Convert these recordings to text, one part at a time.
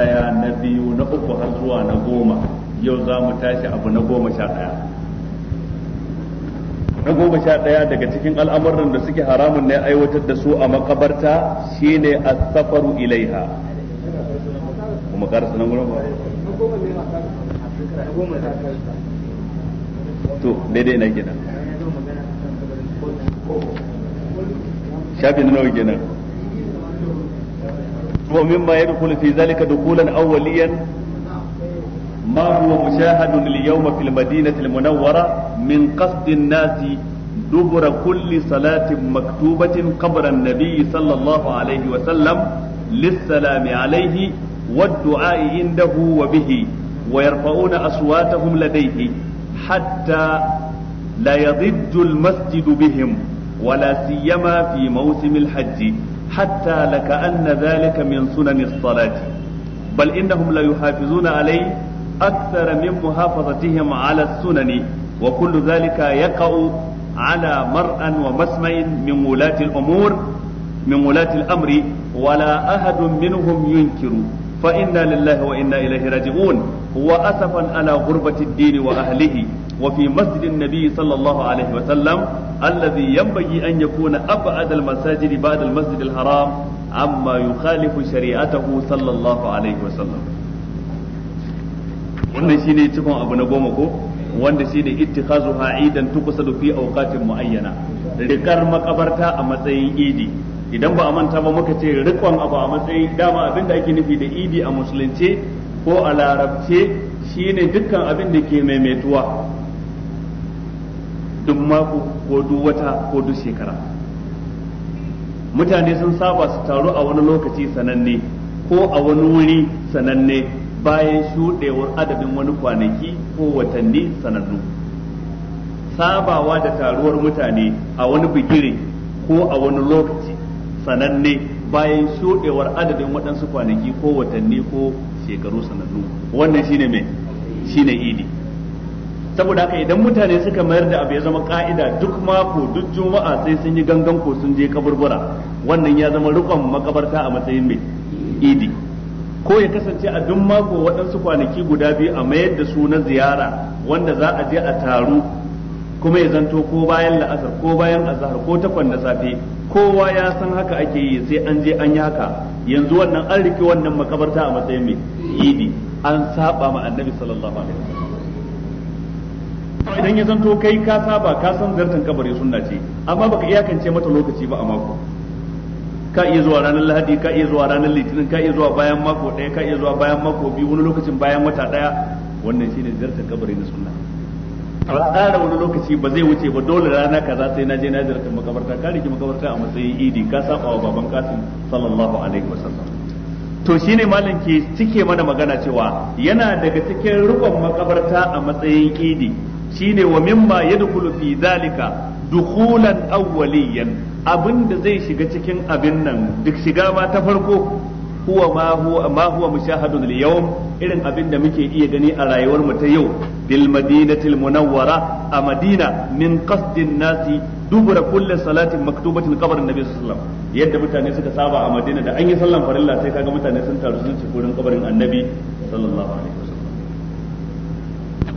ɗaya na biyu na uku har zuwa na goma yau za mu tashi abu na goma sha ɗaya na goma sha ɗaya daga cikin al'amuran da suke haramun ne aiwatar da su a makabarta shine a safaru ilaiha kuma karasa na gura ba to daidai na shafi na nawa gina ومما يدخل في ذلك دخولا أوليا ما هو مشاهد اليوم في المدينة المنورة من قصد الناس دبر كل صلاة مكتوبة قبر النبي صلى الله عليه وسلم للسلام عليه والدعاء عنده وبه ويرفعون أصواتهم لديه حتى لا يضج المسجد بهم ولا سيما في موسم الحج حتى لكأن ذلك من سنن الصلاة بل إنهم لا يحافظون عليه أكثر من محافظتهم على السنن وكل ذلك يقع على مرأ ومسمع من ولاة الأمور من ولاة الأمر ولا أحد منهم ينكر فإنا لله وإنا إليه راجعون وأسفا على غربة الدين وأهله وفي مسجد النبي صلى الله عليه وسلم الذي ينبغي أن يكون أبعد المساجد بعد المسجد الحرام عما يخالف شريعته صلى الله عليه وسلم wannan ne cikon abu na goma ko wanda shine ittikhazuha idan tuqsadu fi awqatin muayyana rikar makabarta a matsayin idi idan ba a manta ba muka ce rikon abu a matsayin dama abinda ake nufi da idi a musulunce ko a larabce shine dukkan abin da ke maimaituwa duk mako ko duk wata ko duk shekara mutane sun saba su taru a wani lokaci sananne ko a wani wuri sananne bayan shuɗewar adadin wani kwanaki ko watanni sanannu sabawa da taruwar mutane a wani bigire ko a wani lokaci sananne bayan shuɗewar adadin waɗansu kwanaki ko watanni ko shekaru sanannu wannan shine mai shine idi saboda haka idan mutane suka mayar da abu ya zama ka'ida duk mako duk juma'a sai sun yi gangan ko sun je kaburbura wannan ya zama rukon makabarta a matsayin mai idi ko ya kasance a duk mako waɗansu kwanaki guda biyu a mayar da su na ziyara wanda za a je a taru kuma ya zanto ko bayan la'asar ko bayan azhar ko takwan da safe kowa ya san haka ake yi sai an je an yi haka yanzu wannan an rike wannan makabarta a matsayin mai idi an saba ma annabi sallallahu alaihi wasallam idan ya zanto kai ka saba ka san zartan kabari sunna ce amma baka iyakance mata lokaci ba a mako ka iya zuwa ranar lahadi ka iya zuwa ranar litinin ka iya zuwa bayan mako ɗaya ka iya zuwa bayan mako biyu wani lokacin bayan wata ɗaya wannan shine zartan kabari na sunna a tsara wani lokaci ba zai wuce ba dole rana kaza sai na je na zartan makabarta ka rike makabarta a matsayin idi ka saba wa baban kasim sallallahu alaihi wasallam to shine malam ke cike mana magana cewa yana daga cikin rukun makabarta a matsayin idi shine wa mimma yadkhulu fi zalika dukhulan awwaliyan abinda zai shiga cikin abin nan duk shiga ma ta farko huwa ma huwa ma huwa mushahadun al irin abin da muke iya gani a rayuwar mu ta yau bil madinatil munawwara a madina min qasdin nasi dubura kulli salatin maktubatin qabrin nabi sallallahu alaihi wasallam yadda mutane suka saba a madina da an yi sallan farilla sai kaga mutane sun taru sun ci gurin annabi sallallahu alaihi wasallam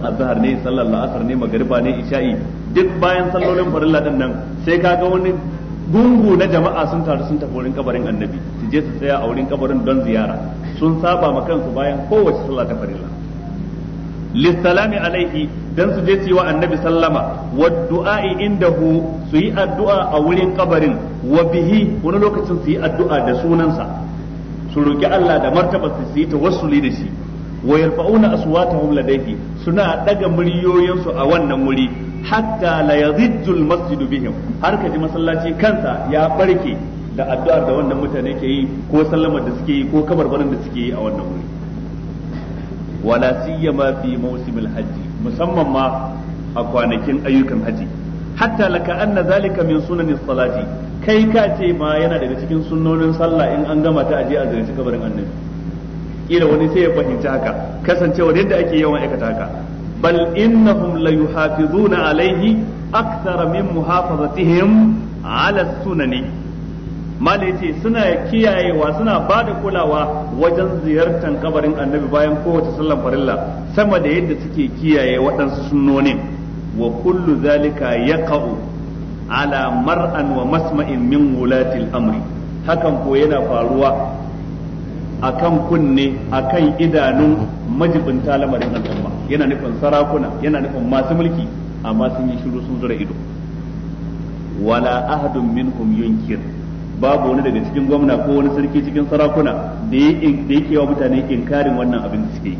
azhar ne sallar la'asar ne magariba ne isha'i duk bayan sallolin farilla din nan sai kaga wani gungu na jama'a sun taru sun tafi wurin kabarin annabi su je su tsaya a wurin kabarin don ziyara sun saba ma kansu bayan kowace sallah ta farilla lissalami alaihi dan su je su wa annabi sallama wa du'a'i indahu su yi addu'a a wurin kabarin wa bihi wani lokacin su yi addu'a da sunansa su roki Allah da martaba su yi tawassuli da shi wa asuwata aswatahum ladayhi suna ɗaga muryoyinsu a wannan wuri hatta la yazijjul masjidu bihim har kaji masallaci kansa ya barke da addu'ar da wannan mutane ke yi ko sallamar da suke yi ko kabarbarin da suke yi a wannan wuri wala siyama fi mawsimil hajji musamman ma a kwanakin ayyukan haji hatta laka anna zalika min sunanis salati kai ka ce ma yana daga cikin sunnonin sallah in an gama ta aje a ziyarci kabarin annabi kila wani sai ya fahimci haka kasancewar yadda ake yawan aikata haka bal innahum la yuhafizuna alaihi akthar min muhafazatihim ala sunani mala yace suna kiyayewa suna ba da kulawa wajen ziyartar kabarin annabi bayan kowace sallam farilla sama da yadda suke kiyaye waɗansu sunnonin wa kullu zalika yaqa'u ala mar'an wa masma'in min wulatil amri hakan ko yana faruwa akan kunne akan idanun majibinta lamarin al'umma yana nufin sarakuna yana nufin masu mulki amma sun yi shiru sun zura ido wala ahadun minhum yunkir babu wani daga cikin gwamna ko wani sarki cikin sarakuna da yake wa mutane inkarin wannan abin da suke yi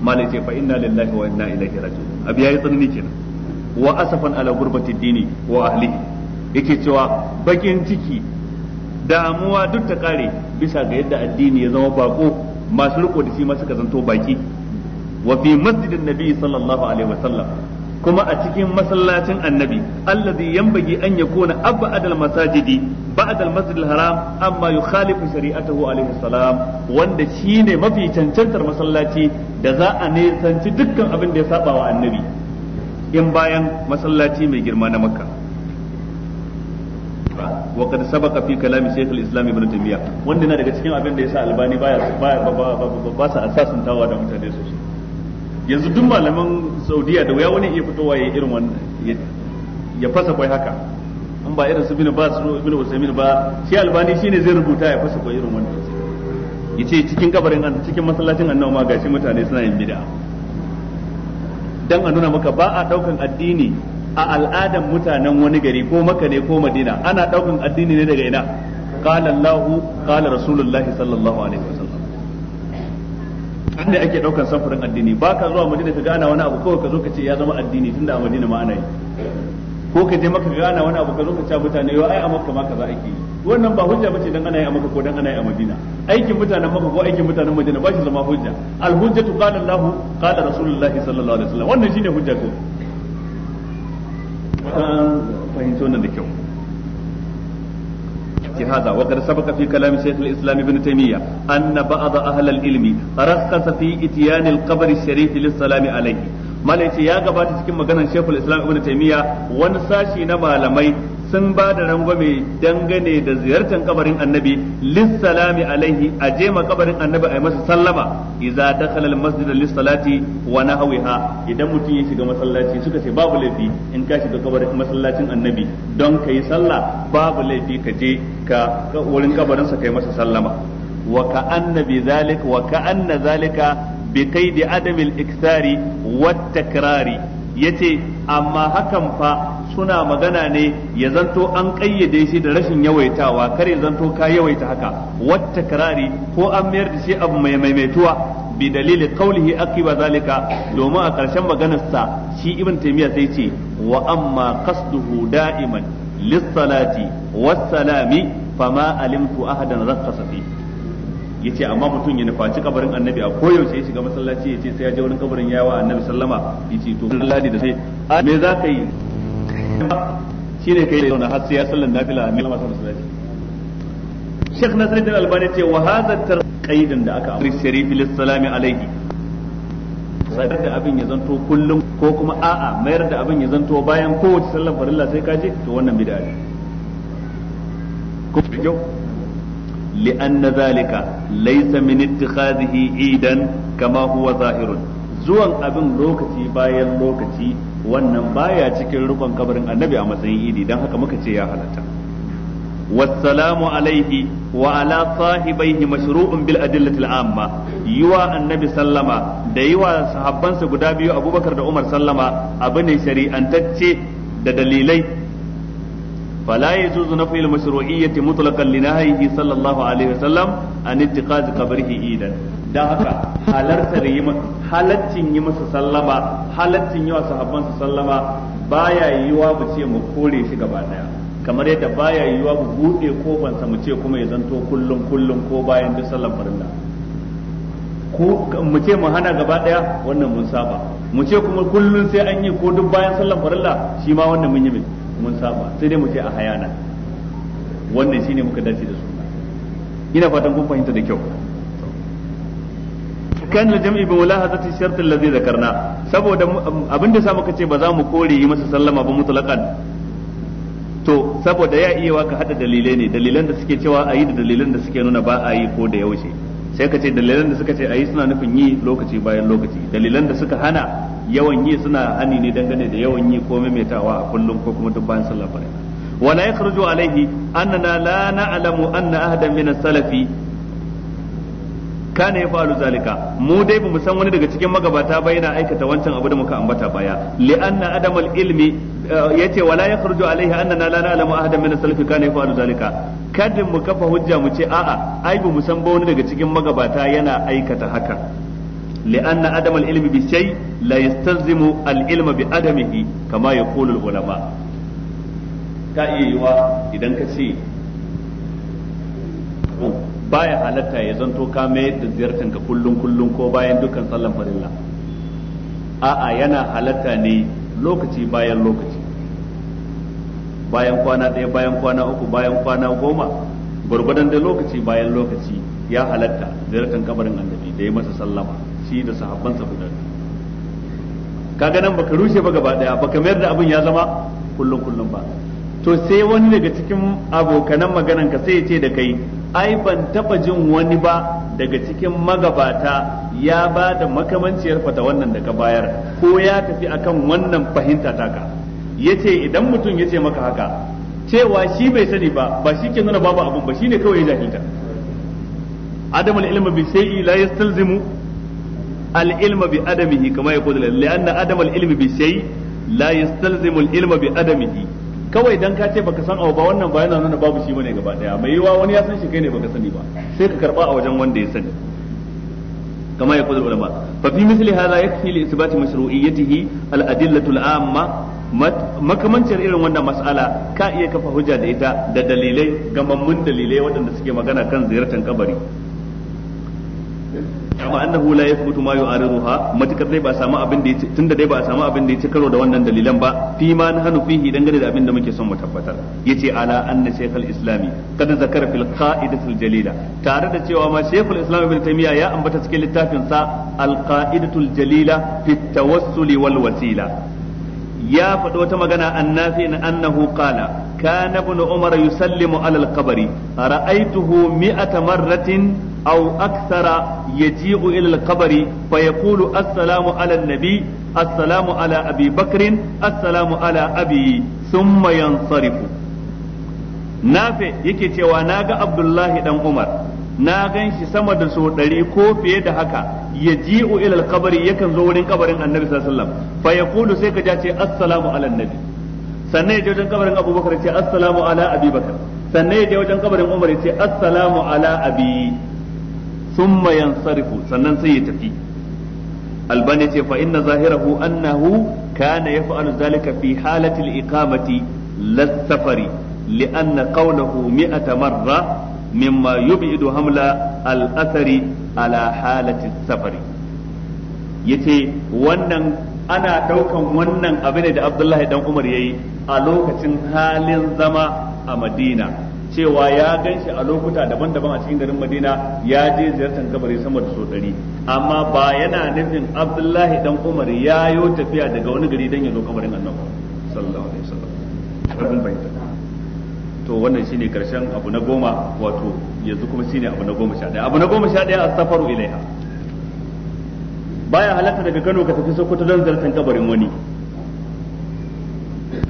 malai ce fa inna lillahi wa inna ilaihi raji'un abu yayi tsanani kenan wa asafan ala gurbati dini wa ahlihi yake cewa bakin ciki damuwa duk ta kare bisa ga yadda addini ya zama bako masu riko da shi ma suka zanto baki wa fi masjidin nabi sallallahu alaihi wasallam kuma a cikin masallacin annabi allazi yanbagi an yakuna abadal masajidi ba'dal masjidil haram amma yukhalifu shari'atahu alaihi salam wanda shine mafi cancantar masallaci da za a ne dukkan abin da ya saba wa annabi in bayan masallaci mai girma na makka wa qad sabaqa fi kalami shaykh al-islam ibn taymiya wanda na daga cikin abin da yasa albani baya ba sa tawa da mutane sosai yanzu duk malaman saudiya da waya wani iya fitowa ya irin wannan ya fasa kwai haka in ba irin su bin ba su bin usaimin ba shi albani shine zai rubuta ya fasa kwai irin wannan yace cikin kabarin an cikin masallacin annabi ma gashi mutane suna yin bid'a dan a nuna maka ba a daukan addini a al'adan mutanen wani gari ko maka ne ko madina ana daukan addini ne daga ina qala allah qala rasulullahi sallallahu alaihi wasallam an da ake daukan samfurin addini ba ka zuwa madina ka gana wani abu kawai ka zo ka ce ya zama addini tunda a madina ma ana yi ko ka je maka gana wani abu ka zo ka ce mutane yau ai a makka ma kaza ake yi wannan ba hujja bace dan ana yi a makka ko dan ana yi a madina aikin mutanen makka ko aikin mutanen madina ba shi zama hujja al hujjatu qala allah qala rasulullahi sallallahu alaihi wasallam wannan shine hujja ko an fahimci wannan da kyau هذا وقد سبق في كلام شيخ الإسلام ابن تيمية أن بعض أهل العلم رخص في إتيان القبر الشريف للسلام عليه ya gabata cikin maganar shekul islam ibn wani sashi na malamai sun ba da rangwame dangane da ziyartar kabarin annabi lissalami alaihi a jema kabarin annabi a yi masa sallama idza dakhala lissalati wa idan mutum ya shiga masallaci suka ce babu laifi in ka shiga kabarin masallacin annabi don yi sallah babu laifi ka je ka wurin kabarin sa kai masa sallama wa ka annabi zalika wa ka anna zalika bi kaidi adamil iktari wat takrari yace amma hakan fa suna magana ne ya zanto an kayyade shi da rashin yawaitawa kare zanto ka yawaita haka wata karari ko an mayar da shi abu mai maimaituwa bi dalilin qawlihi aqiba zalika domin a ƙarshen sa shi ibn taymiya sai ce wa amma qasduhu da'iman lis-salati was-salami fama alimtu ahadan rakkasa yace amma mutum ya nufaci kabarin annabi a koyaushe ya shiga masallaci yace sai ya je wurin kabarin yawa annabi sallama yace to Allah ne da sai me za ka yi shi ne kai da zauna har sai ya sallan nafila a mila masa masallaci Sheikh Nasiruddin Albani ce wa hadha tarqaidin da aka amri sharifi lissalami alaihi sai da abin ya zanto kullum ko kuma a'a mayar da abin ya zanto bayan kowace sallar farilla sai ka je to wannan bid'a ne ko kyau لأن ذلك ليس من اتخاذه عيدا كما هو ظاهر zuwan abin lokaci bayan lokaci wannan baya cikin rukun kabarin annabi a matsayin idi don haka muka ce ya halatta wassalamu alaihi wa ala sahibaihi mashru'un bil adillati amma yiwa annabi sallama da yiwa sahabbansa guda biyu abubakar da umar sallama abu ne shari'antacce da dalilai فلا يجوز نفي المشروعية مطلقا لنهيه صلى الله عليه وسلم عن اتخاذ قبره إيدا da haka halartar halaccin yi masa sallama halaccin yi wa sahabbansa sallama baya yiwa mu ce mu kore shi gaba daya kamar yadda baya yiwuwa mu bude kofansa mu ce kuma ya zanto kullum kullum ko bayan duk sallar farilla ko mu ce mu hana gaba daya wannan mun saba mu ce kuma kullum sai an yi ko duk bayan sallar farilla shi ma wannan mun yi mai mun saba sai dai mu ce a hayana wannan shine muka dace da suna ina fatan kun fahimta da kyau kan jam'i wala hazati shart allazi zakarna saboda abinda sa muka ce ba za mu kore yi masa sallama ba mutlaqan to saboda ya iya ka hada dalilai ne dalilan da suke cewa ayi da dalilan da suke nuna ba a yi ko da yaushe sai ka ce dalilan da suka ce ayi suna nufin yi lokaci bayan lokaci dalilan da suka hana yawan yi suna ani ne dangane da yawan yi ko maimaitawa a kullum ko kuma duk bayan sallar farilla wala yakhruju alaihi annana la na'lamu anna ahadan min as-salafi kana yafalu zalika mu dai bamu san wani daga cikin magabata ba yana aikata wancan abu da muka ambata baya li anna adamal ilmi eh, yace wala yakhruju alaihi annana la na'lamu ahadan min as-salafi kana yafalu zalika kadin mu kafa hujja mu ce a'a ai bamu san ba wani daga cikin magabata yana aikata haka لأن عدم العلم بشيء لا يستلزم العلم بعدمه كما يقول العلماء كأيوا إذا كسي baya halatta ya zanto ka mayar da ziyartar ka kullum kullum ko bayan dukkan sallan farilla a'a yana halatta ne lokaci bayan lokaci bayan kwana ɗaya bayan kwana uku bayan kwana goma gwargwadon da lokaci bayan lokaci ya halatta ziyartar kabarin annabi da ya masa sallama shi da sahabbansa guda kaga nan baka rushe ba gaba daya baka mayar da abin ya zama kullum kullum ba to sai wani daga cikin abokanan maganan ka sai ya ce da kai ai ban taba jin wani ba daga cikin magabata ya ba da makamanciyar fata wannan da ka bayar ko ya tafi akan wannan fahimta taka yace idan mutum ce maka haka cewa shi bai sani ba ba shi ke nuna babu abun ba shine kawai ya jahilta adamul ilmi bi shay'i la yastalzimu العلم بأدمه كما يقول لأن أدم العلم بشيء لا يستلزم العلم بأدمه kawai dan ka ce baka san abu ba wannan ba yana nuna babu shi bane gaba daya mai yiwa wani ya san shi kai ne baka sani ba sai ka karba a wajen wanda ya sani kama ya kudu ulama fa fi misli hadha yakfi li isbati mashru'iyyatihi al adillatu al amma makamancin irin wannan mas'ala ka iya kafa hujja da ita da dalilai gamammun dalilai waɗanda suke magana kan ziyartar kabari amma annahu la yathbutu ma yu'ariduha matakar dai ba samu abin da yace tunda dai ba samu abin da yace karo da wannan dalilan ba fi ma hannu fihi dangane da abin da muke son mu tabbatar yace ala anna shaykhul islami kada zakar fil qa'idatil jalila tare da cewa ma shaykhul islam ibn taymiya ya ambata cikin littafin sa al qa'idatul jalila fit tawassuli wal wasila ya faɗi wata magana annafi na annahu qala kana ibn umar yusallimu ala al qabri ra'aytuhu mi'ata marratin أو أكثر يجيء إلى القبر فيقول السلام على النبي السلام على أبي بكر السلام على أبي ثم ينصرف نافع yake cewa naga Abdullahi dan Umar na gan shi sama da so ɗari ko fiye da haka ya ji'u ilal kabari yakan zo wurin kabarin annabi sallallahu alaihi wasallam fa sai ka ce assalamu ala sannan ya je wajen kabarin abubakar sannan ya je wajen kabarin umar ya thumma yansarifu sannan sai ya tafi albani ce fa inna zahirahu annahu kana yaf'alu zalika fi halati al-iqamati lis-safari li'anna qawluhu mi'ata marra mimma yub'idu hamla al-athari ala halati safari yace wannan ana daukan wannan abin da Abdullahi dan Umar yayi a lokacin halin zama a Madina cewa ya gan shi a lokuta daban-daban a cikin garin Madina ya je ziyartar kabari sama da sotari amma ba yana nufin Abdullahi dan Umar ya yo tafiya daga wani gari don ya zo kabarin Annabi sallallahu alaihi wasallam to wannan shine karshen abu na goma wato yanzu kuma shine abu na goma sha ɗaya abu na goma sha ɗaya as-safaru ilaiha baya halatta daga Kano ka tafi Sokoto don ziyartar kabarin wani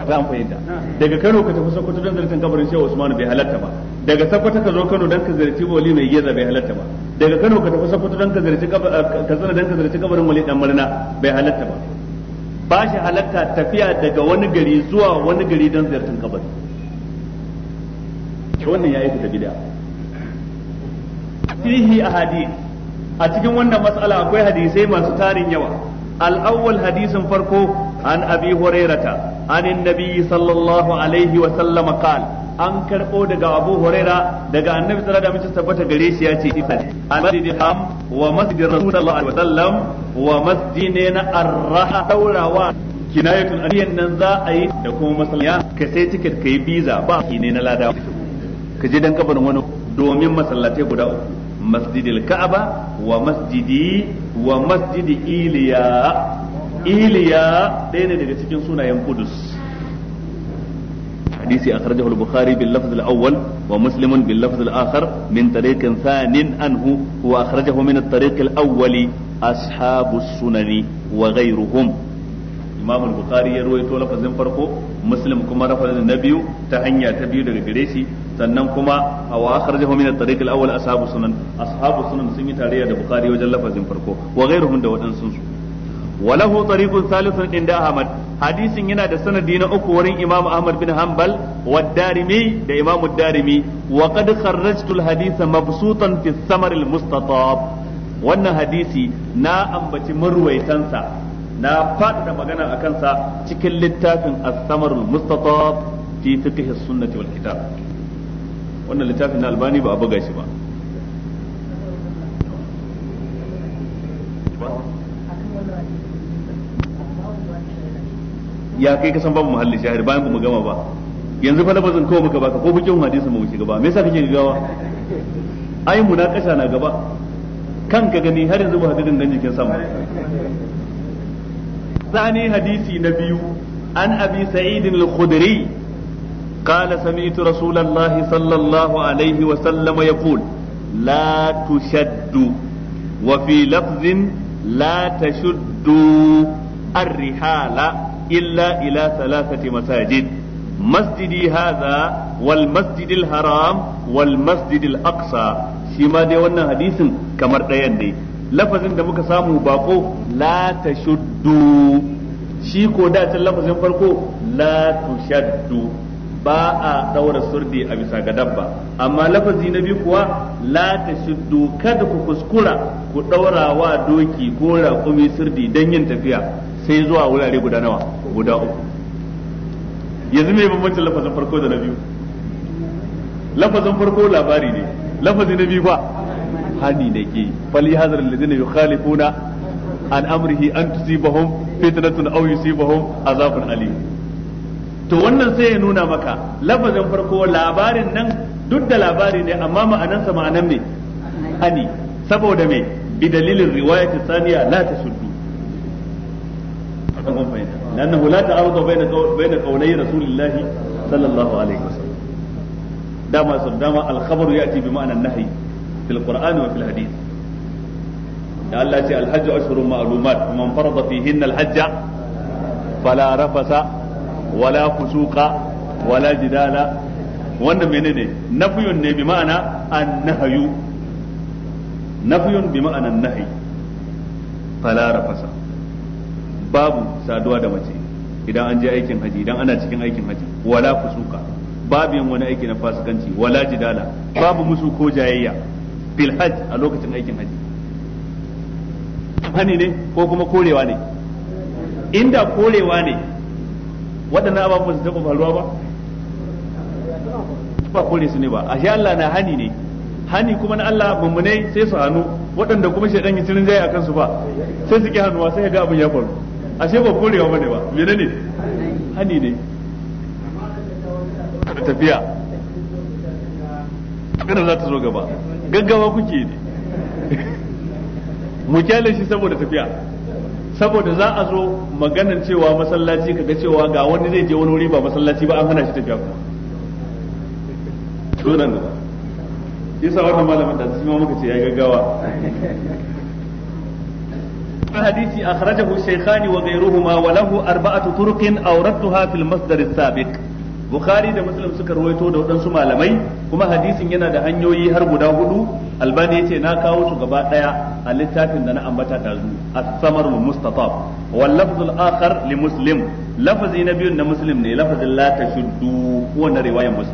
za mu fahimta daga Kano ka tafi Sokoto don zartin kabarin Shehu Usman bai halatta ba daga Sokoto ka zo Kano don ka zarci wali mai geza bai halatta ba daga Kano ka tafi Sokoto don ka zarci kabarin eh, don ka zarci kabarin wali dan murna bai halatta ba ba shi halatta tafiya daga wani gari zuwa wani gari don kabarin. kabari wannan ya yi da bid'a fihi ahadi a cikin wannan matsala akwai hadisai masu tarin yawa al-awwal hadisin farko an abi hurairata عن النبي صلى الله عليه وسلم قال an karbo daga Abu Huraira daga Annabi sallallahu alaihi wasallam tabbata gare shi ya ce al-masjid ham wa masjid Rasul sallallahu alaihi wasallam wa masjidina ar-raha daurawa kinayatun aliyan nan za a yi da kuma masallaya ka sai ticket ka yi visa ba ne na ladawa ka je dan kabarin wani domin masallatai guda uku masjidil ka'aba wa masjidi wa masjidi iliya iliya ɗaya ne daga cikin sunayen kudus hadisi akhrajahu al-bukhari bil lafz al yi da walahu tariqun salisun inda ahmad hadisin yana da sanadi na uku wurin imam ahmad bin Hambal wa darimi da imam darimi wa qad kharrajtu al haditha mabsutan fi samar al mustatab wannan hadisi na ambaci marwaitansa na faɗaɗa magana a kansa cikin littafin as-samarul mustatab fi fiqh as-sunnah wal wannan littafin na albani ba a buga shi ba ya kai kasan babu muhalli shahid bayan ba mu gama ba yanzu fa lafazin kawai muka baka ko fikin hadisin mu shiga ba me yasa kake gawa ai munakasha na gaba kanka gani har yanzu ba hadisin dan jikin sama ثاني حديث نبي عن أبي سعيد الخدري قال سمعت رسول الله صلى الله عليه وسلم يقول لا تشد وفي لفظ لا تشد الرحال illa ila salasati masajid masjidi hadha wal masjidil haram wal masjidil aqsa shi ma dai wannan hadisin kamar ɗayan ne. lafazin da muka samu bako la tashuddu shi ko da can lafazin farko la tushaddu ba a daura surdi a bisa ga dabba amma lafazi na biyu kuwa la tashuddu kada ku kuskura ku ɗaura wa doki ko raƙumi surdi dan yin tafiya sai zuwa wurare guda nawa guda uku yanzu me bambancin lafazin farko da na biyu lafazin farko labari ne lafazi na biyu ba hani da ke fali hazar yi yukhalifuna an amrihi an tusibahum fitnatun aw yusibahum azabun ali to wannan sai ya nuna maka lafazin farko labarin nan duk da labari ne amma ma'anansa ma'anan ne hani saboda me bi dalilin riwayati saniya la tasuddu بينه لأنه لا تعارض بين بين قولي رسول الله صلى الله عليه وسلم دام دام الخبر يأتي بمعنى النهي في القرآن وفي الحديث الله الحج أشهر معلومات من فرض فيهن الحج فلا رفس ولا فسوق ولا جدال wanda menene nafiyun ne bi ma'ana annahyu nafiyun bi ma'ana nahi fala rafasa babu saduwa da mace idan an je aikin haji idan ana cikin aikin haji wala fusuka babu yin wani aiki na fasikanci wala jidala babu musu ko jayayya fil hajj a lokacin aikin haji hani ne ko kuma korewa ne inda korewa ne waɗannan ababen su taɓa faruwa ba ba kore su ne ba ashe Allah na hani ne hani kuma na Allah mummunai sai su hannu waɗanda kuma shaidan yi cirin jaya akan su ba sai su ki hannuwa sai ga abin ya faru ashe ba korewa bane ba mene ne hani ne a tafiya kada za ta zo gaba gaggawa kuke ne mu kyale shi saboda tafiya saboda za a zo maganar cewa masallaci kaga cewa ga wani zai je wani wuri ba masallaci ba an hana shi tafiya kuma sunan da yasa wannan malamin da su ma muka ce ya gaggawa hadisi akhrajahu shaykhani wa ghayruhuma wa lahu arba'atu turuqin awradtuha fil masdar bukhari da muslim suka rawaito da waɗansu malamai kuma hadisin yana da hanyoyi har guda hudu albani yace na kawo su gaba a littafin da na ambata da zu as-samarul mustatab wal lafzul akhar li lafazi na biyun na muslim ne lafazin la tashuddu wannan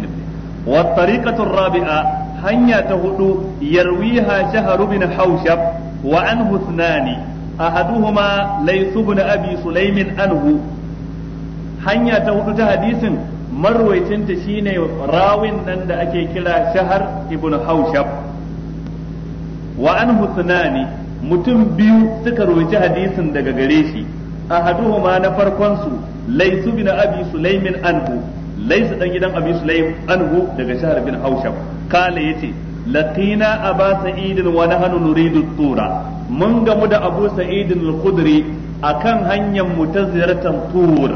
ne rabi'a hanya ta hudu yarwiha shahru bin haushab wa'an anhu ahaduhuma laysu ibn abi sulaimin anhu hanya ta hudu ta hadisin marwaicin shine rawin nan da ake kira shahar ibn haushab wa anhu sunani mutum biyu suka rawaci hadisin daga gare shi ahaduhuma na farkon su laysu ibn abi sulaimin anhu laysa dan gidan abi sulaim anhu daga shahar bin haushab kale yace laqina aba sa'id wa nahnu nuridu tura mun gamu da abu sa'id al-khudri akan hanyar mutaziratan tur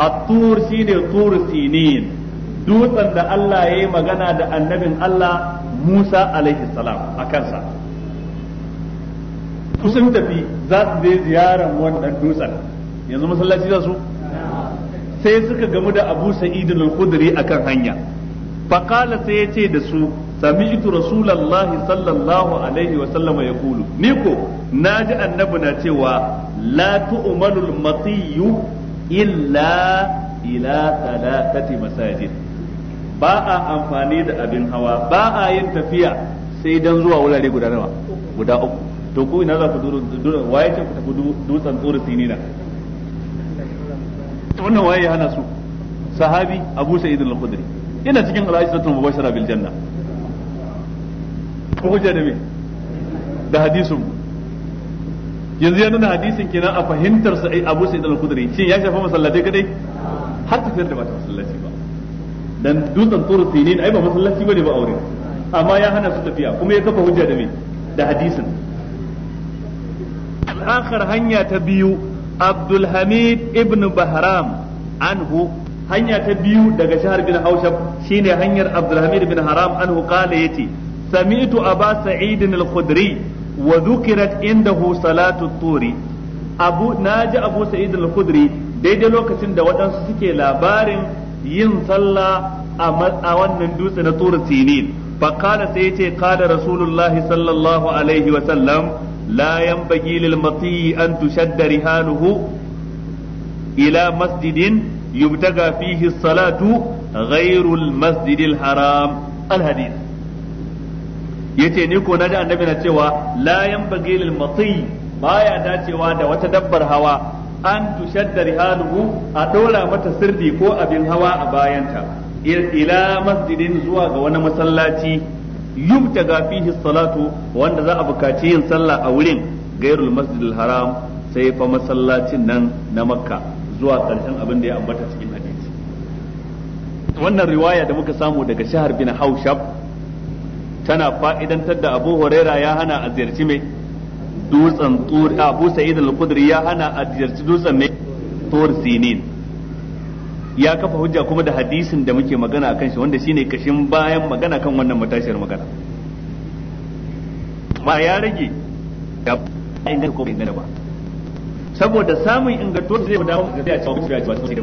at-tur shine tur sinin dutsen da Allah yayi magana da annabin Allah Musa alaihi salam akan sa kusan tafi za su je ziyaran wannan dutsen yanzu masallaci za su sai suka gamu da Abu Sa'id al-Khudri akan hanya faqala sai ya ce da su sami'tu rasulullahi sallallahu alaihi wa sallama yaqulu ni ko naji annabi na cewa la tu'malul matiyu illa ila thalathati masajid ba a amfani da abin hawa ba a yin tafiya sai dan zuwa wurare guda nawa guda uku to ko ina za ku duro waye ce ku tafi dutsen tsoro sinina wannan waye hana su sahabi Abu Sa'id al ina cikin al-Aishatul Mubashara bil Janna ko hujja da me da hadisin yanzu ya nuna hadisin kenan a fahimtar sa eh, Abu Sa'id al-Khudri shin ya shafa masallatai kadai har tafiyar da ba ta masallaci ba dan dutsen turu sinin ai ba masallaci bane ba aure amma ya hana su tafiya kuma ya kafa hujja da me da hadisin al hanya ta biyu Abdul Hamid ibn Bahram anhu hanya ta biyu daga shahar bin Haushab shine hanyar Abdul Hamid bin Haram anhu kala yace سمعت أبا سعيد الخدري وذكرت عنده صلاة الطور أبو ناجي أبو سعيد daidai lokacin da waɗansu suke labarin yin sallah a wannan dutsen na tura sinin fakala sai ce kada rasulullahi sallallahu alaihi wa sallam la yan bagi an tushadda rihanuhu ila masjidin yubtaga fihi salatu ghairul masjidil haram yace ni ko naji annabi na cewa la yanbaghi lil mati baya dacewa da wata dabbar hawa an tushaddar halu a dora mata sirdi ko abin hawa a bayanta ila masjidin zuwa ga wani masallaci ga fihi salatu wanda za a bukaci yin sallah a wurin gairul masjidil haram sai fa masallacin nan na makka zuwa karshen abin da ya ambata cikin hadisi wannan riwaya da muka samu daga shahar bin haushab tana fa'idantar da Abu Huraira ya hana a ziyarci mai dutsen tur Abu Sa'id al al-kudri ya hana a ziyarci dutsen mai tur ya kafa hujja kuma da hadisin da muke magana a shi wanda shine kashin bayan magana kan wannan matashiyar magana ma ya rage ya da ko ingana ba saboda samun ingantuwar zai dawo da ya ci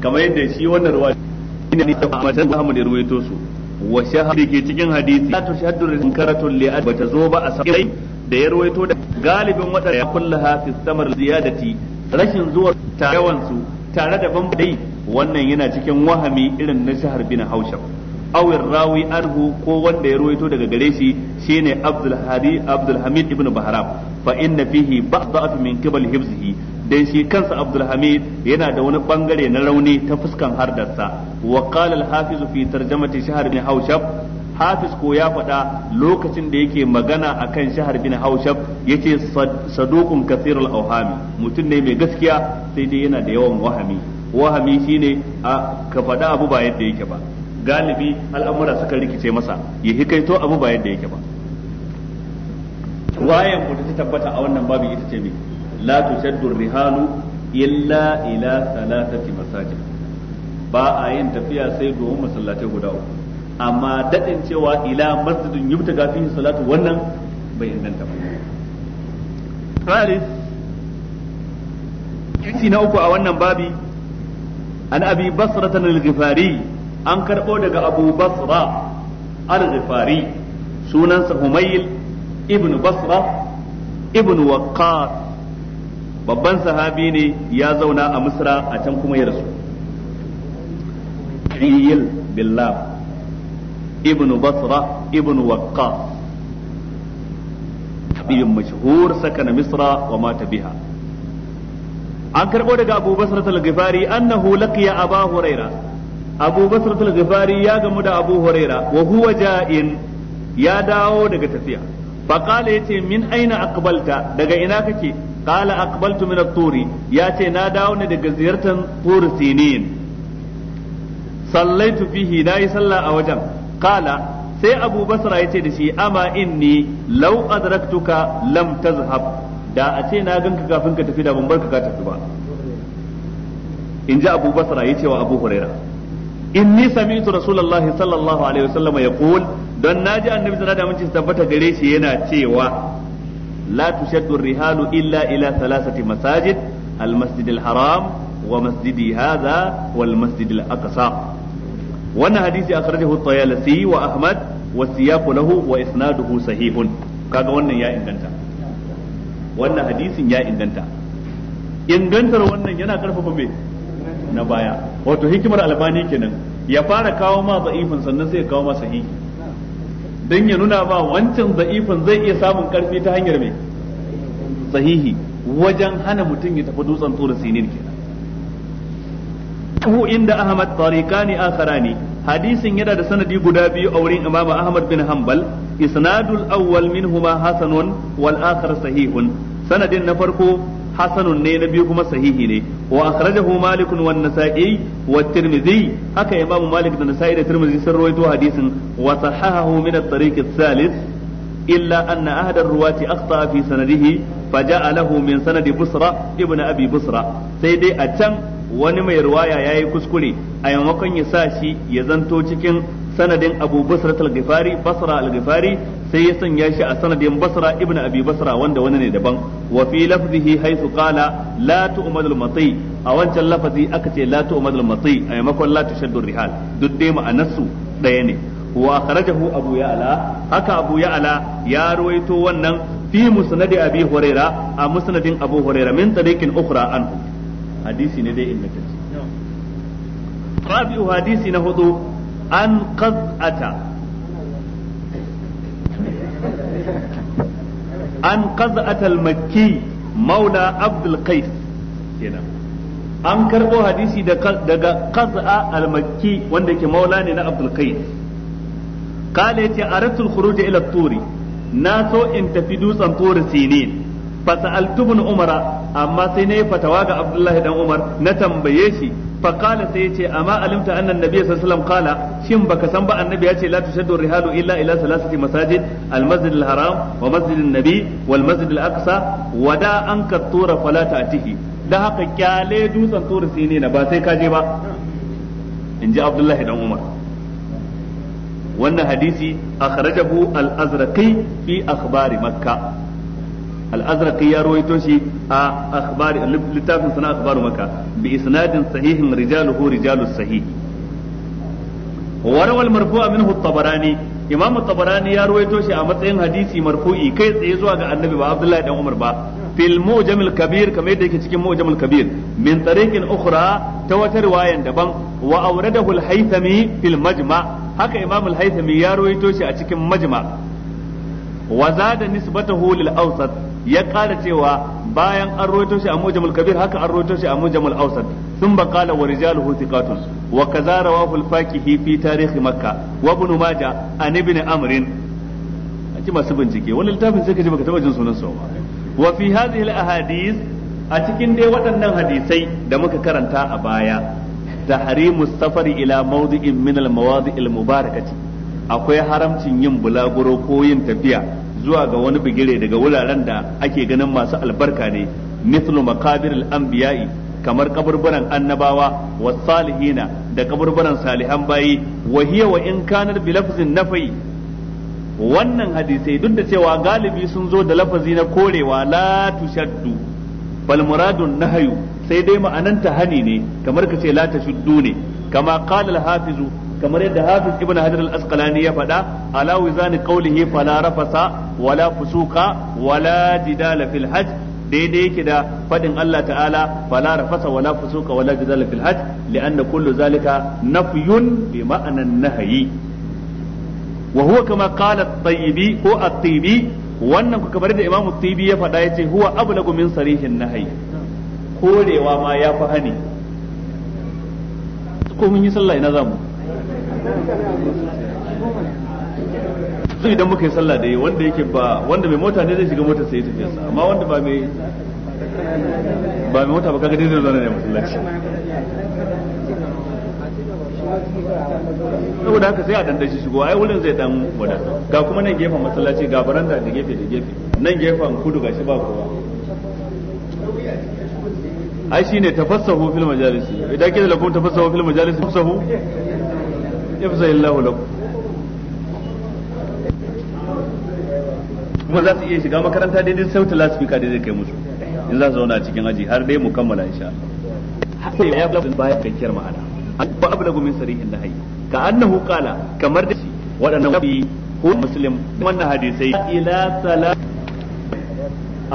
kamar yadda shi wannan ruwa ne ne da Muhammad Muhammad ya ruwaito su wa shahadi ke cikin hadisi la tushaddu rinkaratun li ba ta zo ba a sai da ya ruwaito da galibin wadanda ya kullaha fi samar ziyadati rashin zuwa ta su tare da bambai wannan yana cikin wahami irin na shahar bin haushab awir rawi arhu ko wanda ya ruwaito daga gare shi shine abdul hadi abdul hamid ibn bahram fa inna fihi ba'dha'at min qibal hibzihi dan shi kansa Abdulhamid yana da wani bangare na rauni ta fuskan hardarsa wa qala al-hafiz fi tarjamati shahr bin haushab hafiz ko ya faɗa lokacin da yake magana akan shahar bin haushab yace saduqun kathirul awhami mutum ne mai gaskiya sai dai yana da yawan wahami wahami shine a ka faɗa abu ba yadda yake ba galibi al'amura suka rikice masa ya hikaito abu ba yadda yake ba wayan mu ta tabbata a wannan babu ita ce me la tushaddu rihalu illa ila salatati masajid ba a yin tafiya sai domin masallatai guda uku amma daɗin cewa ila masjidin yubtaga fihi salatu wannan bai inganta ba ثالث hadisi na uku a wannan babi an abi ta al-ghifari an karɓo daga abu basra al-ghifari sunansa humayl ibn basra ibn waqqas babban sahabi ne ya zauna a misra a can kuma ya rasu iyil billah ibnu basra ibnu waqqas tabi'in mashhur sakana misra wa mata biha an karbo daga Abu Basra tal ghifari annahu laqiya Abu Huraira Abu Basra tal ghifari ya gamu da Abu Huraira wa huwa ja'in ya dawo daga tafiya fa qala yace min aina aqbalta daga ina kake qala aqbaltu min at-turi ya ce na dawo ne daga ziyartar tur sinin sallaitu fihi nayi sallah a wajen qala sai abu basra ya ce da shi ama inni law adraktuka lam tazhab da a ce na ganka kafin ka tafi da ban barka ka tafi ba in ji abu basra ya ce wa abu huraira inni sami'tu rasulullah sallallahu alaihi wasallam yaqul don naji annabi sallallahu alaihi wasallam tabbata gare shi yana cewa la tushaddu rihalu illa ila salasati masajid al masjid al haram wa masjidi hadha wal masjid al wannan hadisi akhrajahu at-tayalisi wa ahmad wa siyaqu lahu wa isnaduhu sahihun kaga wannan ya inganta wannan hadisin ya inganta ingantar wannan yana karfafa me na baya wato hikimar albani kenan ya fara kawo ma da'ifin sannan sai kawo ma don ya nuna ba wancan za'ifin zai iya samun karfi ta hanyar mai sahihi wajen hana mutum ya tafi dutsen tura sinin kenan hu inda ahmad tariqani akharani hadisin yana da sanadi guda biyu a wurin imam ahmad bin hanbal isnadul awwal minhuma hasanun wal akhar sahihun sanadin na farko hasanun ne na biyu kuma sahihi ne wa akhrajahu malik wa an-nasa'i wa tirmidhi haka imamu malik da nasa'i da Tirmizi sun rawaito hadisin wa sahahahu min at-tariq ath-thalith illa anna ahad ar-ruwati akhta fi sanadihi faja'alahu min sanadi busra ibn abi busra sai dai a can wani mai riwaya yayi kuskure a maimakon ya sa shi ya zanto cikin sanadin abu basra al-ghifari basra sai ya sanya shi a sanadin basra ibn abi basra wanda wani ne daban wa fi lafzihi haythu qala la tu'madul mati a wancan lafazi aka ce la tu'madul mati a maimakon la tushaddu rihal duk dai ma'anarsu ɗaya ne wa akhrajahu abu ya'la haka abu ya'la ya ruwaito wannan fi musnadi abi huraira a musnadin abu huraira min tariqin ukhra anhu hadisi ne dai ingantacce rabi'u hadisi na hudu an qaz'ata an qaz'at al-makki maula abdul qais kenan an karbo hadisi daga qaz'a al-makki wanda yake maula ne na abdul qais qala yace aratu al-khuruj ila na so in tafi dutsen turi sinin fa sa'altu ibn umara amma sai ne fatawa ga abdullahi dan umar na tambaye shi فقال سيتي أما علمت أن النبي صلى الله عليه وسلم قال شم بك سنبا النبي يأتي لا تشد الرحال إلا إلى ثلاثة مساجد المسجد الحرام ومسجد النبي والمسجد الأقصى ودا أنك الطور فلا تأتيه da haka kyale dutsen tsoro sine na ba sai kaje ba in ji abdullahi dan umar wannan hadisi akhrajahu al-azraqi fi akhbari makkah al ya rawaito shi a akhbari littafin sana akhbaru maka bi isnadin sahihin rijaluhu rijalus sahih wa rawa imam at-tabarani ya ruwaito shi a matsayin hadisi marfu'i kai tsaye zuwa ga annabi ba abdullahi dan umar ba fil mu'jam kabir kamar yadda yake cikin mu'jam kabir min tariqin ukhra ta wata riwayan daban wa awradahu al-haythami fil majma haka imam al ya ruwaito shi a cikin majma wa zada nisbatahu lil awsat ya ƙara cewa bayan an rawaito shi a mujamul kabir haka an rawaito shi a mujamul awsat sun ba qala wa rijaluhu thiqatun wa kaza rawahu al-faqihi fi tarikh makkah wa ibn majah an ibn amr a ci masu bincike wani littafin sai ka ji baka taba jin sunan sa wa fi hadhihi al-ahadith a cikin dai waɗannan hadisai da muka karanta a baya tahrimu safari ila mawdi'in min al-mawadi' al-mubarakati akwai haramcin yin bulaguro ko yin tafiya zuwa ga wani bigire daga wuraren da ake ganin masu albarka ne mithlu maqabir al-anbiya'i kamar kaburburan annabawa wa salihina da kaburburan salihan bayi wa hiya wa in kanar bi lafzin nafai wannan hadisai duk da cewa galibi sun zo da lafazi na korewa la tushaddu bal muradun nahyu sai dai ma'anan ta hani ne kamar ka ce la tushaddu ne kama qala al-hafizu kamar yadda hafiz ibn hajar al-asqalani ya faɗa ala wizani qawlihi fala rafasa wala fusuka wala jidala fil hajj daidai yake da fadin Allah ta'ala fala rafasa wala fusuka wala jidala fil hajj li'anna kullu zalika nafyun bi ma'anan nahyi wa huwa kama qala at-tayyibi ko at-tayyibi wannan ku kamar da Imam at-tayyibi ya faɗa yace huwa ablagu min sarihin nahyi korewa ma ya fi hani ko mun yi sallah ina zamu zai idan muka yi sallah da wanda yake ba wanda mai mota ne zai shiga mota sai tafiya sa amma wanda ba mai ba mai mota ba kaga dai zai zauna ne masallaci saboda haka sai a dan shi shigo ai wurin zai dan wada ga kuma nan gefen masallaci ga baranda da gefe da gefe nan gefen kudu gashi ba kowa ai shine tafassahu fil majalisi idan kida lakum tafassahu fil majalisi tafassahu yafsa illahu lakum kuma za su iya shiga makaranta daidai sautin lasfika da zai kai musu in za su zauna a cikin aji har dai mu kammala insha Allah ya bala baya kakkiyar ma'ana ba ablagu min sarihin nahi ka annahu qala kamar da shi waɗannan bi ko muslim wannan hadisai ila salat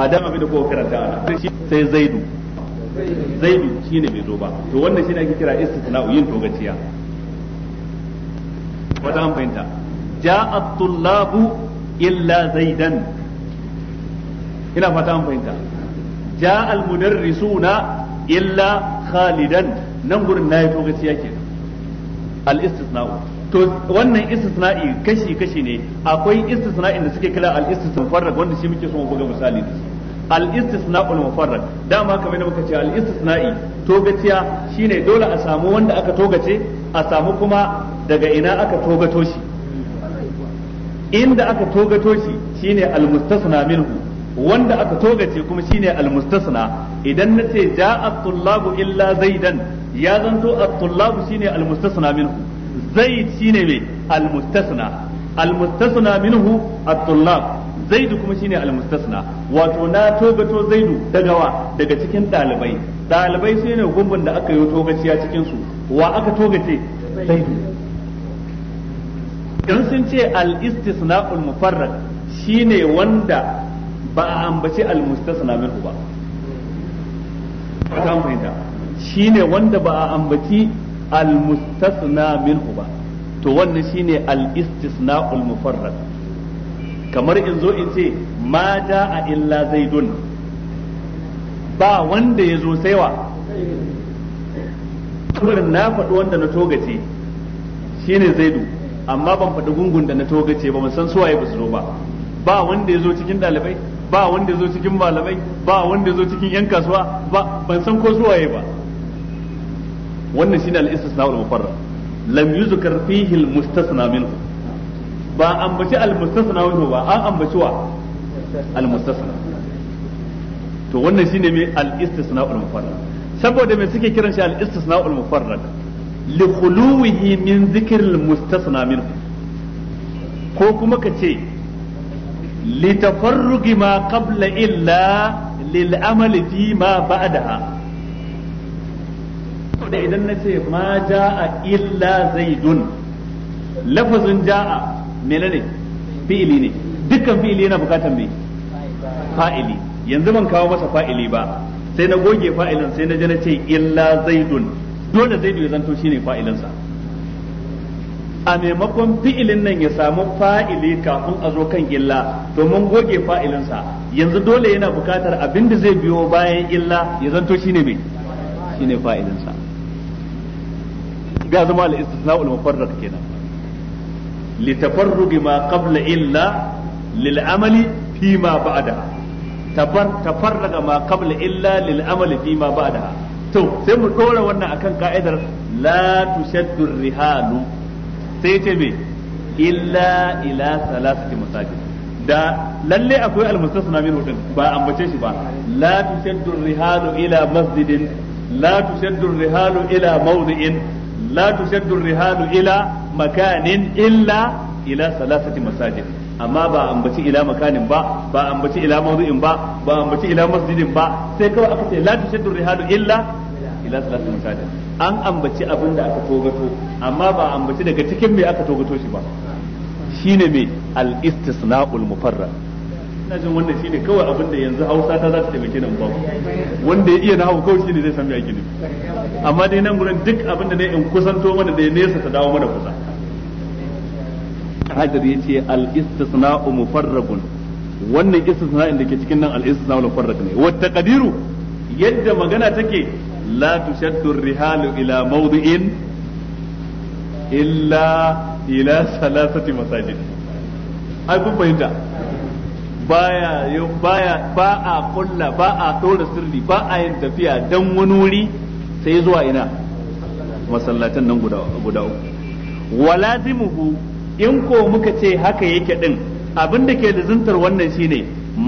adam abin da ko karanta ana sai zaidu zaidu shine ne zo ba to wannan shine ake kira istisna'u yin togaciya wata an fahimta ja'a tullabu illa zaidan ina fata an fahimta ja al mudarrisuna illa khalidan nan gurin nayi to gaskiya ke. al istisna'u to wannan istisna'i kashi kashi ne akwai istisna'in da suke kira al istisna farrag wanda shi muke so mu buga misali da shi al istisna'ul mufarrad dama kamar da muka ce al istisna'i togaciya shine dole a samu wanda aka togace a samu kuma daga ina aka togato shi inda aka togato shi shine almustasna minhu wanda aka togace kuma shine almustasna idan nace ja'a tullabu illa zaidan ya zanto at-tullabu shine almustasna minhu zaid shine me almustasna almustasna minhu at-tullab zaidu kuma shine almustasna wato na togato zaidu daga wa daga cikin dalibai dalibai shine gumbun da aka yi togaciya cikin su wa aka togace zaidu in sun ce al-istisna'ul mufarrad shine wanda ba a ambaci al-mustasna minhu ba ka fahimta shine wanda ba a ambaci al-mustasna minhu ba to wannan shine al-istisna'ul mufarrad kamar in zo in ce ma a illa zaidun ba wanda ya zo sai wa na faɗi wanda na togace shine zaidu amma ban faɗi gungun da na togace ba ban san suwaye ba su zo ba ba wanda ya zo cikin ɗalibai ba wanda ya zo cikin malamai ba wanda ya zo cikin yan kasuwa ba ban san ko suwaye ba wannan shine al-istisna wal mufarra lam yuzkar fihi al-mustasna minhu ba ambaci al-mustasna minhu ba an ambaci wa al-mustasna to wannan shine mai al-istisna wal mufarra saboda me suke kiran shi al-istisna wal mufarra li khuluwihi min dhikril mustasna minhu ko kuma ka ce li ma qabla illa lil amali fi ma ba'daha da idan na ce ma ja'a illa zaidun lafazin ja'a menene fi'ili ne dukkan fi'ili yana bukatar me fa'ili yanzu ban kawo masa fa'ili ba sai na goge fa'ilin sai na je na ce illa zaidun dole zai biyo zanto shine fa'ilinsa a maimakon fi'ilin nan ya samu fa'ili kafin a zo kan illa domin goge fa'ilinsa yanzu dole yana bukatar abin da zai biyo bayan illa ya zanto shine mai shine fa'ilinsa ga zama al-istisna'ul mufarrad kenan li tafarrugi ma qabla illa lil amali fi ma ba'da tafarraga ma qabla illa lil amali fi ma ba'da to sai mu dora wannan akan ka'idar la tushaddu rihalu sai ce me illa ila salasati masajid da lalle akwai almustasna min hudun ba ambace shi ba la tushaddu rihalu ila masjidin la tushaddu rihalu ila mawdi'in la tushaddu rihalu ila makanin illa ila salasati masajid amma ba ambaci ila makanin ba ba ambaci ila mawdu'in ba ba ambaci ila masjidin ba sai kawai aka ce la tushaddu rihalu illa ila salatu musadin an ambaci abin da aka togato amma ba ambaci daga cikin me aka togato shi ba shine me al istisna'ul mufarrad ina jin wannan shine kawai abin da yanzu Hausa ta za ta taimake nan ba wanda ya iya hau kawai shine zai san me ake amma dai nan gurin duk abin da ne in kusanto mana da ya nesa ta dawo mana kusa Hajar ce al istisna'u mufarragun wannan istisna'in da ke cikin nan al istisna'u mufarrag ne wata taqdiru yadda magana take la تشد الرحال ila موضع illa ila salasati مساجد ai fahimta بايا baya ba a kulla ba a dora sirri ba a yin tafiya dan wani wuri sai zuwa ina masallatan nan guda uku walazimuhu in ko muka ce haka yake din abin da ke wannan shine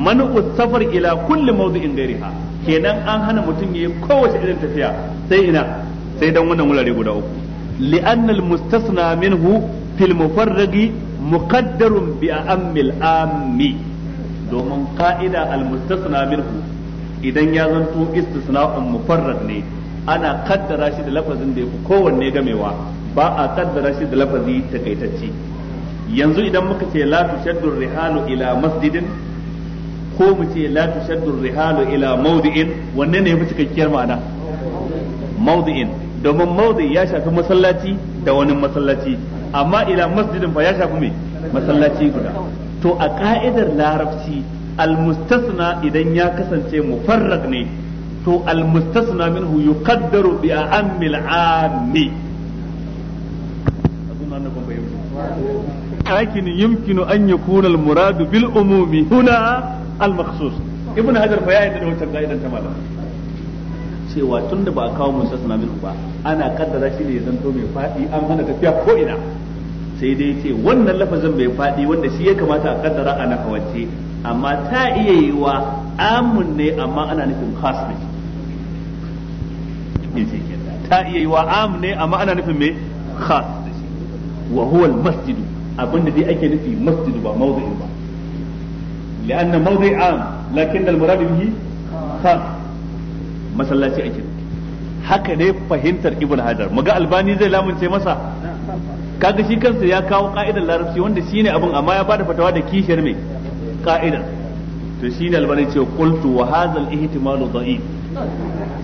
man'u safar ila kulli mawdu'in gairiha kenan an hana mutum yayi kowace irin tafiya sai ina sai dan wannan wurare guda uku li'anna almustasna mustasna minhu fil mufarragi muqaddarun bi ammil ammi domin ka'ida al-mustasna minhu idan ya zanto istisna'un mufarrag ne ana kaddara shi da lafazin da yafi kowanne gamewa ba a kaddara shi da lafazi takaitacce yanzu idan muka ce la tushaddu rihalu ila masjidin ko mu ce la tushaddu rihalu ila mawdi'in wanne ne yafi cikakkiyar ma'ana mawdi'in domin mawdi ya shafi masallaci da wani masallaci amma ila masjidin fa ya shafi me masallaci guda to a ka'idar larabci almustasna idan ya kasance mufarraq ne to almustasna minhu yuqaddaru bi ammil ammi لكن يمكن أن يكون المراد بالأموم هنا al-makhsus ibn hajar fa ya yadda da wancan ka'idan cewa tunda ba a kawo mustasna minhu ba ana kaddara shi ne ya zanto mai fadi an hana tafiya ko ina sai dai ce wannan lafazin bai faɗi wanda shi ya kamata a kaddara a nahawance amma ta iya yiwa amun ne amma ana nufin khas ne ta iya amma ana nufin me abinda dai ake nufi masjid ba mawdu'in ba لأن موضع عام لكن المراد به خاص masallaci ake haka ne fahimtar ibn hajar muga albani zai lamunce masa kaga shi kansa ya kawo ka'idar larabci wanda shine abin amma ya bada fatawa da kishiyar mai ka'idar to shine albani ce qultu wa hadha ihtimalu da'if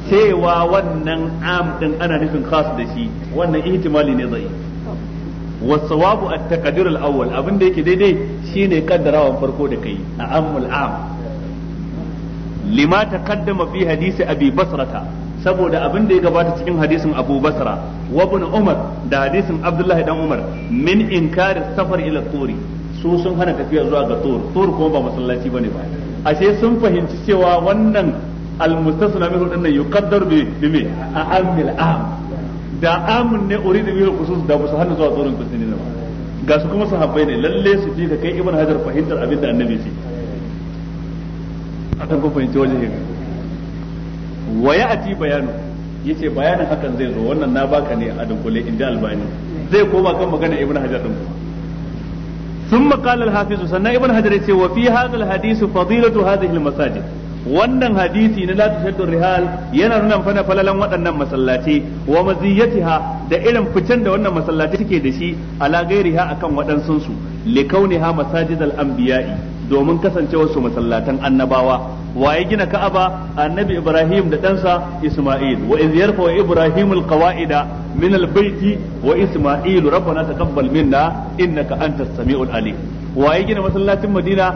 cewa wannan am din ana nufin khas da shi wannan ihtimali ne da'if wasawabu at-taqdir al-awwal abin da yake daidai shine kaddarawar farko da kai a amul am lima taqaddama fi hadisi abi basrata saboda abin da ya gabata cikin hadisin abu basra wa umar da hadisin abdullahi dan umar min inkari safar ila turi su sun hana tafiya zuwa ga tur tur kuma ba masallaci bane ba ashe sun fahimci cewa wannan al-mustasna minhu dinnan yuqaddar bi bi a amil am da amun ne uridu bil khusus da musu hannu zuwa tsoron kusuri ne ga su kuma sahabbai ne lalle su ji ka kai ibn hajar fahimtar abin da annabi ce a tan ko fahimci wajen yin wa ati bayanu yace bayanin hakan zai zo wannan na baka ne a dunkule inda albani zai koma kan magana ibn hajar din kuma ثم قال الحافظ سنة ابن حجر وفي هذا الحديث فضيلة هذه المساجد wannan hadisi na la tashaddu rihal yana nuna fana falalan waɗannan masallaci wa maziyatiha da irin fitan da wannan masallaci take da shi ala gairiha akan waɗansun su li kauniha masajidal anbiya'i domin kasancewar su masallatan annabawa waye gina ka'aba annabi ibrahim da ɗansa isma'il wa iz yarfa wa ibrahimul qawaida min albayti wa isma'il rabbana taqabbal minna innaka antas samiul alim waye gina masallacin madina